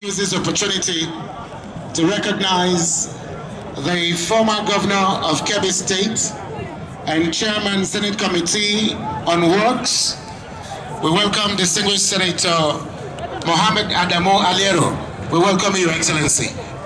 use this opportunity to recognize the former governor of Kebbi State and chairman Senate Committee on Works. We welcome distinguished Senator Mohammed Adamo Aliero. We welcome you, Excellency.